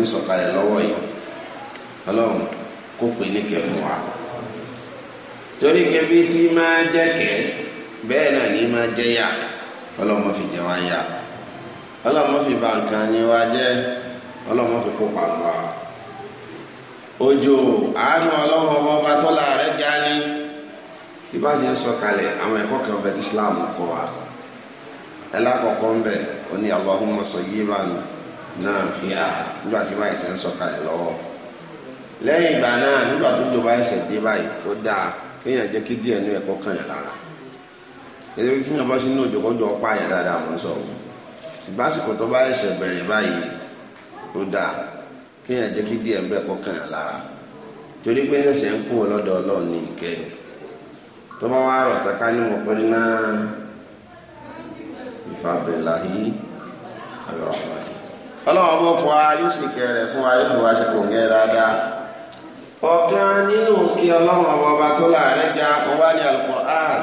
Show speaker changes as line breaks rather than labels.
ń sọ̀kalẹ̀ lọ́wọ́ yìí ọlọ́run kó pè ní kẹ fún wa torí kẹfí tí máa jẹ́ kẹ bẹ́ẹ̀ náà ní máa jẹ́ yà ọlọ́run fi jẹ wá yà ọlọ́run fi bà nǹkan ni wá jẹ́ ọlọ́run fi kó pàrọ̀ wá òjò àánú ọlọ́run ọba ọba tọ́lá rẹ̀ tí bá ṣe ń sọ̀kalẹ̀ àwọn ẹ̀kọ́ kan bẹ tí Islam kọ́ wa ẹlẹ́kọ̀ọ́kọ́ ń bẹ ó ní Allahumma sayyiban náà fi hà nígbà tí báyìí ṣe ń sọ̀kalẹ̀ lọ́wọ́ lẹ́yìn ìgbà náà nígbà tó jọba ẹsẹ̀ dé báyìí ó dáa kéèyàn jẹ́ kí díẹ̀ nú ẹ̀kọ́ kan yàn lára èdè kí yàn bá sínú òjòkójò ọ̀pá yẹn dáadáa mọ̀ ń sọ ṣùgbọ́n àsìkò tó bá ẹsẹ̀ bẹ̀rẹ̀ báyìí ó dáa kéèyàn jẹ́ kí díẹ̀ nú ẹ̀kọ́ kan yàn lára torí pé ẹsẹ̀ ń kún ọlọ́dọ̀ ọlọ́ọ̀ ní ìkẹ́ni tó bá wá rọ̀ ọlọ́run ọmọ ọkọ̀ wa yóò sì kẹrẹ̀ fún wa yóò fi wá ṣe kò ń dáadáa ọ̀kan nínú kí ọlọ́run
ọba tó láàrin ga ọba ní alukur'an